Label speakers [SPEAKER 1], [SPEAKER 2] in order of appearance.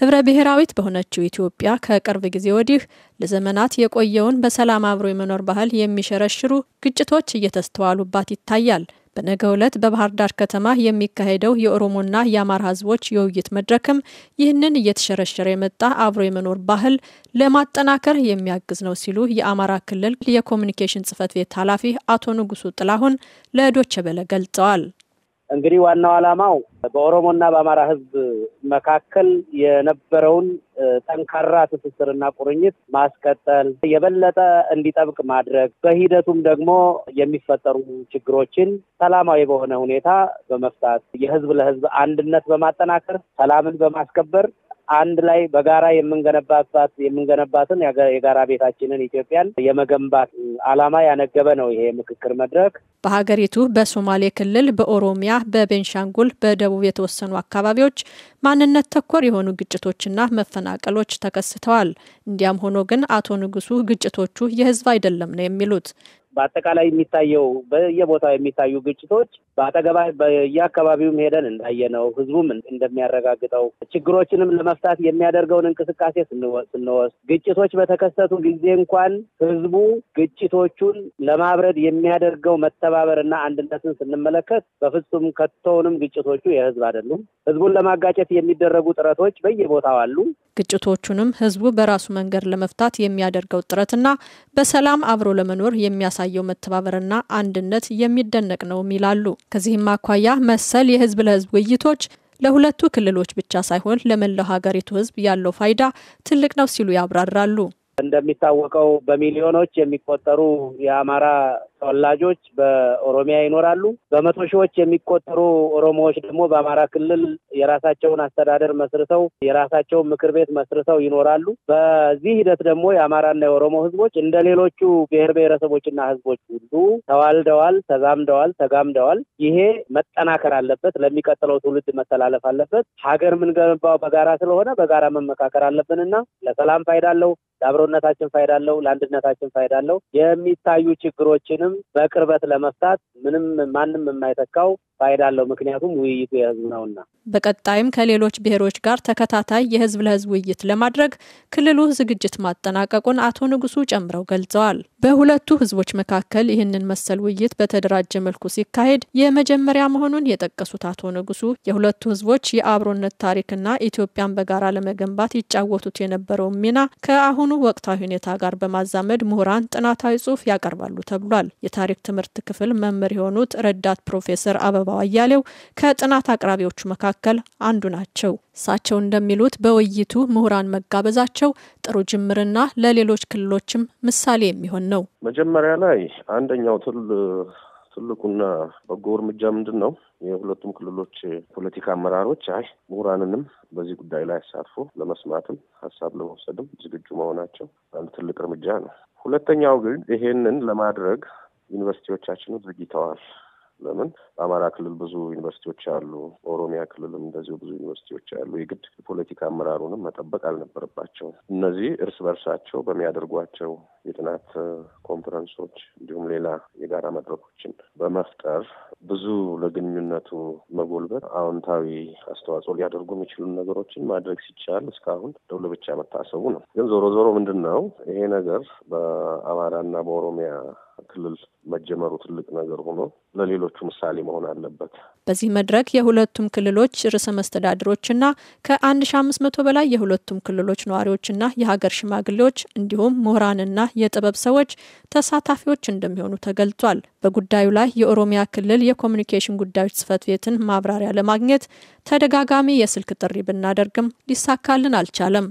[SPEAKER 1] ህብረ ብሔራዊት በሆነችው ኢትዮጵያ ከቅርብ ጊዜ ወዲህ ለዘመናት የቆየውን በሰላም አብሮ የመኖር ባህል የሚሸረሽሩ ግጭቶች እየተስተዋሉባት ይታያል። በነገ ዕለት በባህር ዳር ከተማ የሚካሄደው የኦሮሞና የአማራ ህዝቦች የውይይት መድረክም ይህንን እየተሸረሸረ የመጣ አብሮ የመኖር ባህል ለማጠናከር የሚያግዝ ነው ሲሉ የአማራ ክልል የኮሚኒኬሽን ጽህፈት ቤት ኃላፊ አቶ ንጉሱ ጥላሁን ለዶቸበለ ገልጸዋል።
[SPEAKER 2] እንግዲህ ዋናው ዓላማው በኦሮሞና በአማራ ህዝብ መካከል የነበረውን ጠንካራ ትስስርና ቁርኝት ማስቀጠል፣ የበለጠ እንዲጠብቅ ማድረግ፣ በሂደቱም ደግሞ የሚፈጠሩ ችግሮችን ሰላማዊ በሆነ ሁኔታ በመፍታት የህዝብ ለህዝብ አንድነት በማጠናከር ሰላምን በማስከበር አንድ ላይ በጋራ የምንገነባባት የምንገነባትን የጋራ ቤታችንን ኢትዮጵያን የመገንባት ዓላማ ያነገበ ነው ይሄ ምክክር መድረክ።
[SPEAKER 1] በሀገሪቱ በሶማሌ ክልል፣ በኦሮሚያ፣ በቤንሻንጉል፣ በደቡብ የተወሰኑ አካባቢዎች ማንነት ተኮር የሆኑ ግጭቶችና መፈናቀሎች ተከስተዋል። እንዲያም ሆኖ ግን አቶ ንጉሱ ግጭቶቹ የህዝብ አይደለም ነው የሚሉት።
[SPEAKER 2] በአጠቃላይ የሚታየው በየቦታው የሚታዩ ግጭቶች በአጠገባ በየአካባቢውም ሄደን እንዳየነው ህዝቡም እንደሚያረጋግጠው ችግሮችንም ለመፍታት የሚያደርገውን እንቅስቃሴ ስንወስድ ግጭቶች በተከሰቱ ጊዜ እንኳን ህዝቡ ግጭቶቹን ለማብረድ የሚያደርገው መተባበር እና አንድነትን ስንመለከት በፍጹም ከቶውንም ግጭቶቹ የህዝብ አይደሉም። ህዝቡን ለማጋጨት የሚደረጉ ጥረቶች በየቦታው
[SPEAKER 1] አሉ። ግጭቶቹንም ህዝቡ በራሱ መንገድ ለመፍታት የሚያደርገው ጥረትና በሰላም አብሮ ለመኖር የሚያሳ ያሳየው መተባበርና አንድነት የሚደነቅ ነውም ይላሉ። ከዚህም አኳያ መሰል የህዝብ ለህዝብ ውይይቶች ለሁለቱ ክልሎች ብቻ ሳይሆን ለመላው ሀገሪቱ ህዝብ ያለው ፋይዳ ትልቅ ነው ሲሉ ያብራራሉ።
[SPEAKER 2] እንደሚታወቀው በሚሊዮኖች የሚቆጠሩ የአማራ ተወላጆች በኦሮሚያ ይኖራሉ። በመቶ ሺዎች የሚቆጠሩ ኦሮሞዎች ደግሞ በአማራ ክልል የራሳቸውን አስተዳደር መስርተው የራሳቸውን ምክር ቤት መስርተው ይኖራሉ። በዚህ ሂደት ደግሞ የአማራና የኦሮሞ ህዝቦች እንደ ሌሎቹ ብሔር ብሔረሰቦችና ህዝቦች ሁሉ ተዋልደዋል፣ ተዛምደዋል፣ ተጋምደዋል። ይሄ መጠናከር አለበት፣ ለሚቀጥለው ትውልድ መተላለፍ አለበት። ሀገር የምንገነባው በጋራ ስለሆነ በጋራ መመካከር አለብንና ለሰላም ፋይዳ አለው፣ ለአብሮነታችን ፋይዳ አለው፣ ለአንድነታችን ፋይዳ አለው። የሚታዩ ችግሮችንም በቅርበት ለመፍታት ምንም ማንም የማይተካው ፋይዳ አለው። ምክንያቱም ውይይቱ የህዝብ ነውና።
[SPEAKER 1] በቀጣይም ከሌሎች ብሔሮች ጋር ተከታታይ የህዝብ ለህዝብ ውይይት ለማድረግ ክልሉ ዝግጅት ማጠናቀቁን አቶ ንጉሱ ጨምረው ገልጸዋል። በሁለቱ ህዝቦች መካከል ይህንን መሰል ውይይት በተደራጀ መልኩ ሲካሄድ የመጀመሪያ መሆኑን የጠቀሱት አቶ ንጉሱ የሁለቱ ህዝቦች የአብሮነት ታሪክና ኢትዮጵያን በጋራ ለመገንባት ይጫወቱት የነበረውን ሚና ከአሁኑ ወቅታዊ ሁኔታ ጋር በማዛመድ ምሁራን ጥናታዊ ጽሁፍ ያቀርባሉ ተብሏል። የታሪክ ትምህርት ክፍል መምህር የሆኑት ረዳት ፕሮፌሰር አበባ አበባው አያሌው ከጥናት አቅራቢዎቹ መካከል አንዱ ናቸው። እሳቸው እንደሚሉት በውይይቱ ምሁራን መጋበዛቸው ጥሩ ጅምርና ለሌሎች ክልሎችም ምሳሌ የሚሆን ነው።
[SPEAKER 3] መጀመሪያ ላይ አንደኛው ትል ትልቁና በጎ እርምጃ ምንድን ነው? የሁለቱም ክልሎች ፖለቲካ አመራሮች አይ ምሁራንንም በዚህ ጉዳይ ላይ አሳትፎ ለመስማትም ሀሳብ ለመውሰድም ዝግጁ መሆናቸው አንድ ትልቅ እርምጃ ነው። ሁለተኛው ግን ይሄንን ለማድረግ ዩኒቨርሲቲዎቻችን ዝግተዋል ለምን በአማራ ክልል ብዙ ዩኒቨርሲቲዎች አሉ። ኦሮሚያ ክልልም እንደዚሁ ብዙ ዩኒቨርሲቲዎች አሉ። የግድ የፖለቲካ አመራሩንም መጠበቅ አልነበረባቸው። እነዚህ እርስ በርሳቸው በሚያደርጓቸው የጥናት ኮንፈረንሶች እንዲሁም ሌላ የጋራ መድረኮችን በመፍጠር ብዙ ለግንኙነቱ መጎልበት አዎንታዊ አስተዋጽኦ ሊያደርጉ የሚችሉ ነገሮችን ማድረግ ሲቻል እስካሁን ደው ብቻ መታሰቡ ነው። ግን ዞሮ ዞሮ ምንድን ነው ይሄ ነገር በአማራና በኦሮሚያ ክልል መጀመሩ ትልቅ ነገር ሆኖ ለሌሎቹ ምሳሌ መሆን አለበት።
[SPEAKER 1] በዚህ መድረክ የሁለቱም ክልሎች ርዕሰ መስተዳድሮችና ከ1500 በላይ የሁለቱም ክልሎች ነዋሪዎችና የሀገር ሽማግሌዎች እንዲሁም ምሁራንና የጥበብ ሰዎች ተሳታፊዎች እንደሚሆኑ ተገልጿል። በጉዳዩ ላይ የኦሮሚያ ክልል የኮሚኒኬሽን ጉዳዮች ጽህፈት ቤትን ማብራሪያ ለማግኘት ተደጋጋሚ የስልክ ጥሪ ብናደርግም ሊሳካልን አልቻለም።